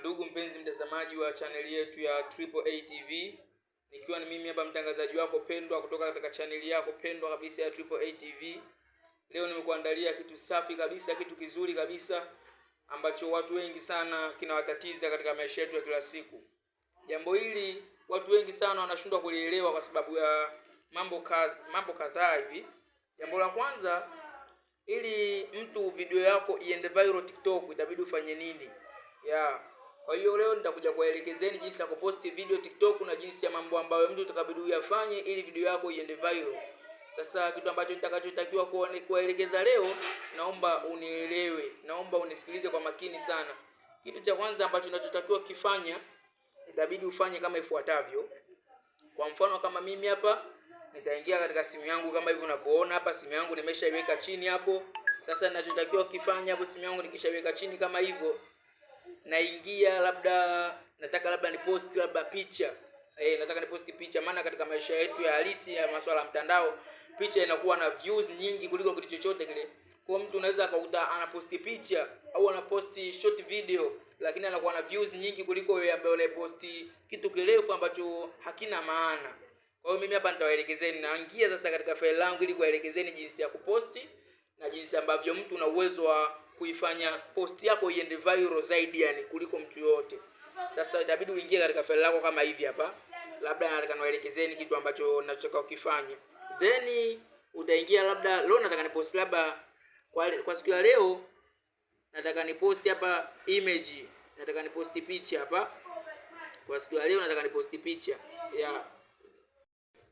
Ndugu mpenzi mtazamaji wa chaneli yetu ya Triple A TV, nikiwa ni mimi hapa mtangazaji wako pendwa kutoka katika chaneli yako pendwa kabisa ya Triple A TV. Leo nimekuandalia kitu safi kabisa, kitu kizuri kabisa ambacho watu wengi sana kinawatatiza katika maisha yetu ya kila siku. Jambo hili watu wengi sana wanashindwa kulielewa kwa sababu ya mambo kadha, mambo kadhaa hivi. Jambo la kwanza, ili mtu video yako iende viral TikTok, itabidi ufanye nini? Yeah. Kwa hiyo leo nitakuja kuelekezeni jinsi ya kuposti video TikTok na jinsi ya mambo ambayo mtu utakabidi uyafanye ili video yako iende viral. Sasa kitu ambacho nitakachotakiwa kuelekeza leo, naomba unielewe, naomba unisikilize kwa makini sana. Kitu cha kwanza ambacho ninachotakiwa kifanya, itabidi ufanye kama ifuatavyo. Kwa mfano kama mimi hapa nitaingia katika simu yangu kama hivi unavyoona hapa, simu yangu nimeshaiweka chini hapo. Sasa ninachotakiwa kifanya hapo, simu yangu nikishaiweka chini kama hivyo, naingia labda nataka labda niposti labda picha eh, nataka niposti picha, maana katika maisha yetu ya halisi ya masuala ya mtandao picha inakuwa na views nyingi kuliko kitu chochote kile. Kwa mtu unaweza akakuta anaposti picha au anaposti short video, lakini anakuwa na views nyingi kuliko yeye ambaye anaposti kitu kirefu ambacho hakina maana. Kwa hiyo mimi hapa nitawaelekezeni, naingia sasa katika faili langu ili kuwaelekezeni jinsi ya kuposti na jinsi ambavyo mtu una uwezo wa kuifanya post yako iende viral zaidi yani kuliko mtu yote. Sasa itabidi uingie katika faili lako kama hivi hapa, labda nataka niwaelekezeni kitu ambacho nachotaka ukifanye, then utaingia labda, leo nataka ni post labda kwa, kwa siku ya leo nataka ni post hapa image, nataka ni post picha hapa kwa siku ya leo nataka ni post picha ya yeah.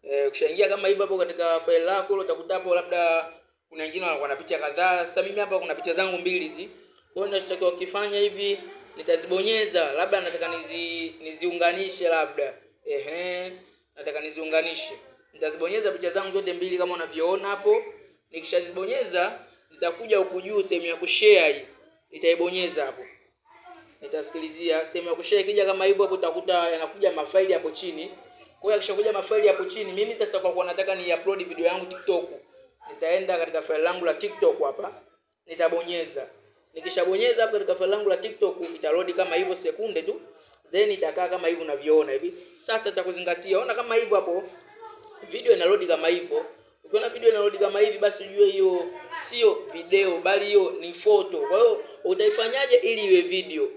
Eh, ukishaingia kama hivi hapo katika faili lako utakuta hapo labda kuna wengine wanakuwa na picha kadhaa. Sasa mimi hapa kuna picha zangu mbili hizi, kwa hiyo ninachotakiwa kufanya hivi, nitazibonyeza labda nataka nizi niziunganishe labda, ehe, nataka niziunganishe, nitazibonyeza picha zangu zote mbili kama unavyoona hapo. Nikishazibonyeza nitakuja huku juu sehemu ya kushare hii, nitaibonyeza hapo, nitasikilizia sehemu ya kushare. kija kama hivyo hapo, utakuta yanakuja mafaili hapo chini. Kwa hiyo akishakuja mafaili hapo chini, mimi sasa kwa kuwa nataka ni upload video yangu TikTok nitaenda katika faili langu la TikTok hapa, nitabonyeza. Nikishabonyeza hapo katika faili langu la TikTok itarodi kama hivyo sekunde tu, then itakaa kama hivyo unavyoona hivi. Sasa cha kuzingatia, ona kama hivyo hapo, video inarodi kama hivyo. Ukiona video inarodi kama hivi, basi ujue hiyo sio video, bali hiyo ni foto. Kwa hiyo utaifanyaje ili iwe video?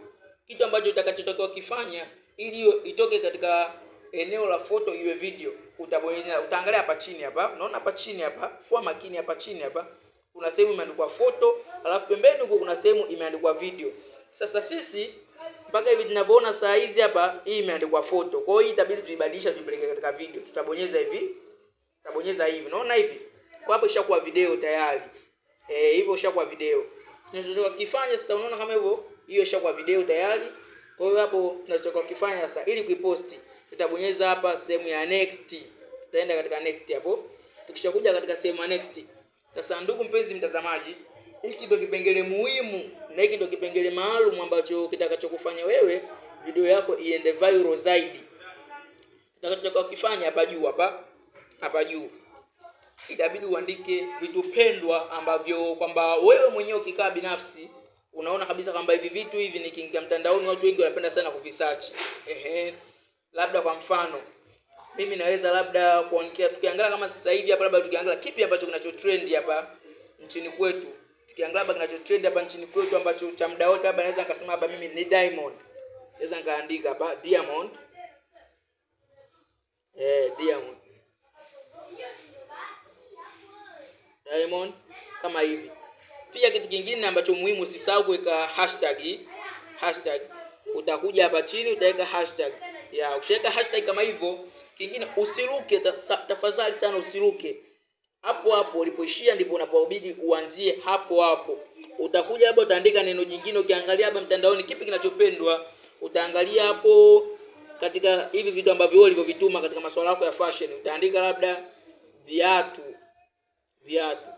Kitu ambacho utakachotakiwa kifanya ili itoke katika eneo la foto iwe video, utabonyeza, utaangalia hapa chini hapa, unaona hapa chini hapa, kwa makini hapa chini hapa kuna sehemu imeandikwa foto, alafu pembeni huko kuna sehemu imeandikwa video. Sasa sisi mpaka hivi tunavyoona saa hizi hapa, hii imeandikwa foto, kwa hiyo itabidi tuibadilisha, tuipeleke katika video. Tutabonyeza hivi, tutabonyeza hivi, unaona hivi, kwa hapo ishakuwa video tayari. Eh, hivyo ishakuwa video tunachotaka kifanye sasa, unaona kama hivyo, hiyo ishakuwa video tayari. Kwa hiyo hapo tunachotakiwa kufanya sasa ili kuiposti, tutabonyeza hapa sehemu ya next. Tutaenda katika next hapo. Tukishakuja katika sehemu ya next. Sasa ndugu mpenzi mtazamaji, hiki ndio kipengele muhimu na hiki ndio kipengele maalum ambacho kitakachokufanya wewe video yako iende viral zaidi. Tutakachotakiwa kufanya hapa juu hapa hapa juu itabidi uandike vitu pendwa ambavyo kwamba wewe mwenyewe ukikaa binafsi unaona kabisa kwamba hivi vitu hivi nikiingia mtandaoni watu wengi wanapenda sana kuvisearch. Ehe, labda kwa mfano mimi naweza labda kuongea tukiangalia kama sasa hivi hapa, labda tukiangalia kipi ambacho kinacho trend hapa nchini kwetu, tukiangalia labda kinacho trend hapa nchini kwetu ambacho cha muda wote, labda naweza nikasema hapa mimi ni Diamond, naweza nikaandika hapa Diamond, eh, Diamond Diamond kama hivi pia kitu kingine ambacho muhimu, usisahau kuweka hashtag. Hashtag utakuja hapa chini utaweka hashtag ya, ukishaweka hashtag kama hivyo, kingine usiruke tafadhali sana, usiruke hapo hapo ulipoishia, ndipo unapobidi uanzie hapo hapo. Utakuja hapo, utaandika neno jingine, ukiangalia hapa mtandaoni, kipi kinachopendwa, utaangalia hapo katika hivi vitu ambavyo wewe ulivyovituma katika masuala yako ya fashion, utaandika labda viatu, viatu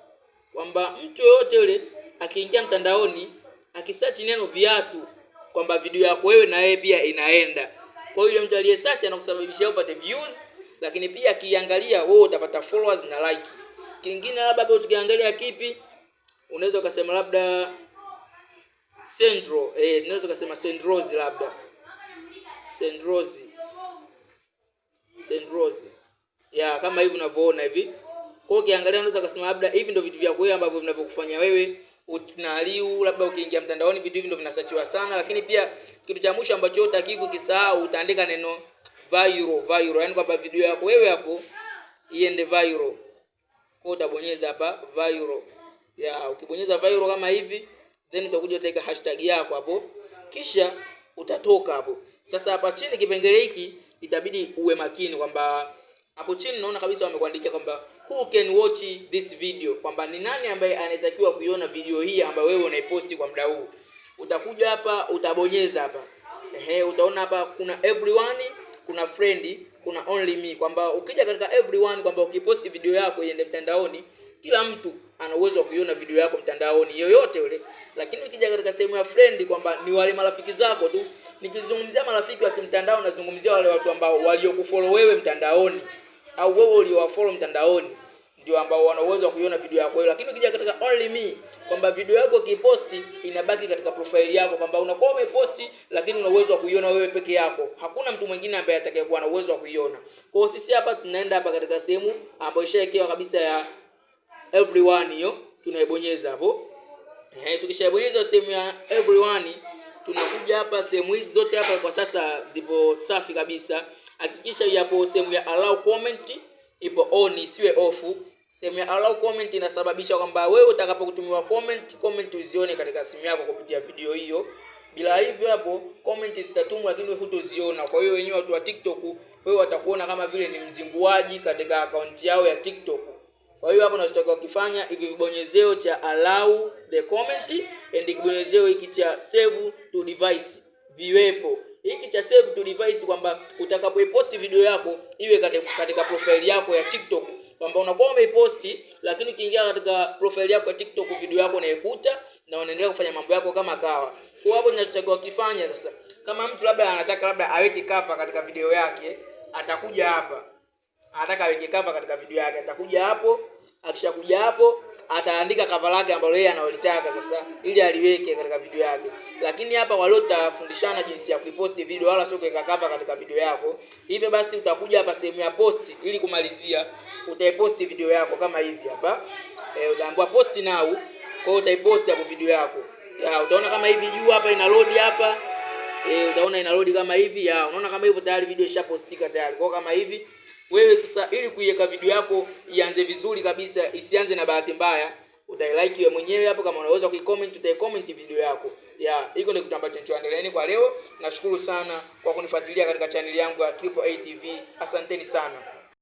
kwamba mtu yoyote yule akiingia mtandaoni akisearch neno viatu, kwamba video yako wewe na yeye pia inaenda. Kwa hiyo yule mtu aliyesearch anakusababishia upate views, lakini pia akiangalia wewe utapata followers na like. Kingine labda hapo tukiangalia kipi, unaweza ukasema labda Sendro, eh, unaweza ukasema Sendrozi labda. Sendrozi. Sendrozi. Ya, kama hivi unavyoona hivi. Kwa hiyo ukiangalia unaweza kusema labda hivi ndio vitu vyako wewe ambavyo vinavyokufanya wewe utinaliu, labda ukiingia mtandaoni vitu hivi ndio vinasachiwa sana. Lakini pia kitu cha mwisho ambacho hutaki kukisahau, utaandika neno viral, viral, yani kwamba video yako wewe hapo iende viral. Kwa utabonyeza hapa viral ya, ukibonyeza viral kama hivi, then utakuja utaweka hashtag yako hapo, kisha utatoka hapo. Sasa hapa chini kipengele hiki itabidi uwe makini kwamba hapo chini naona kabisa wamekuandikia kwamba who can watch this video, kwamba ni nani ambaye anatakiwa kuiona video hii ambayo wewe unaiposti kwa muda huu. Utakuja hapa utabonyeza hapa, ehe, utaona hapa kuna everyone, kuna friend, kuna only me, kwamba ukija katika everyone, kwamba ukiposti video yako iende mtandaoni, kila mtu ana uwezo wa kuiona video yako mtandaoni yoyote yule. Lakini ukija katika sehemu ya friend, kwamba ni wale marafiki zako tu. Nikizungumzia marafiki wa kimtandao, nazungumzia wale watu ambao waliokufollow wewe mtandaoni au wewe uliowafollow mtandaoni ndio ambao wana uwezo wa kuiona video yako hiyo. Lakini ukija katika only me kwamba video yako ukiposti inabaki katika profile yako, kwamba unakuwa umeposti, lakini una uwezo wa kuiona wewe peke yako, hakuna mtu mwingine ambaye atakayekuwa na uwezo wa kuiona. Kwa hiyo sisi hapa tunaenda hapa katika sehemu ambayo ishawekewa kabisa ya everyone, hiyo tunaibonyeza hapo. Eh, tukishaibonyeza sehemu ya everyone, tunakuja hapa, sehemu hizi zote hapa kwa sasa zipo safi kabisa hakikisha yapo sehemu ya allow comment ipo on isiwe off. Sehemu ya allow comment inasababisha kwamba wewe utakapokutumiwa comment, comment uzione katika simu yako kupitia video hiyo. Bila hivyo hapo comment zitatumwa, lakini wewe hutoziona. Kwa hiyo wenyewe watu wa TikTok wewe watakuona kama vile ni mzinguaji katika akaunti yao ya TikTok. Kwa hiyo hapo unachotakiwa kufanya hivi vibonyezeo cha allow the comment and kibonyezeo hiki cha save to device viwepo hiki cha save to device kwamba utakapoiposti video yako iwe katika profile yako ya TikTok kwamba unakuwa umeiposti, lakini ukiingia katika profile yako ya TikTok video yako unaikuta na unaendelea kufanya mambo yako kama kawa. Kwa hapo ninachotakiwa kifanya sasa, kama mtu labda anataka labda aweke kafa katika video yake, atakuja hapa. Anataka aweke kafa katika video yake, atakuja hapo akishakuja hapo ataandika kava lake ambalo yeye analitaka sasa, ili aliweke katika video yake. Lakini hapa waliotafundishana jinsi ya kuiposti video, wala sio kuweka cover katika video yako. Hivyo basi, utakuja hapa sehemu ya post, ili kumalizia, utaiposti video yako kama hivi hapa e, utaambiwa post now. Kwa hiyo utaiposti hapo video yako ya, utaona kama hivi juu hapa ina load hapa e, utaona ina load kama hivi ya, unaona kama hivyo tayari video ishapostika tayari. Kwa kama hivi wewe sasa, ili kuiweka video yako ianze vizuri kabisa, isianze na bahati mbaya, utailike wewe mwenyewe hapo. Kama unaweza kuicomment, utaikomment video yako ya hiko. Ndio kitu ambacho nilichoandalieni kwa leo. Nashukuru sana kwa kunifuatilia katika chaneli yangu ya Triple A TV. Asanteni sana.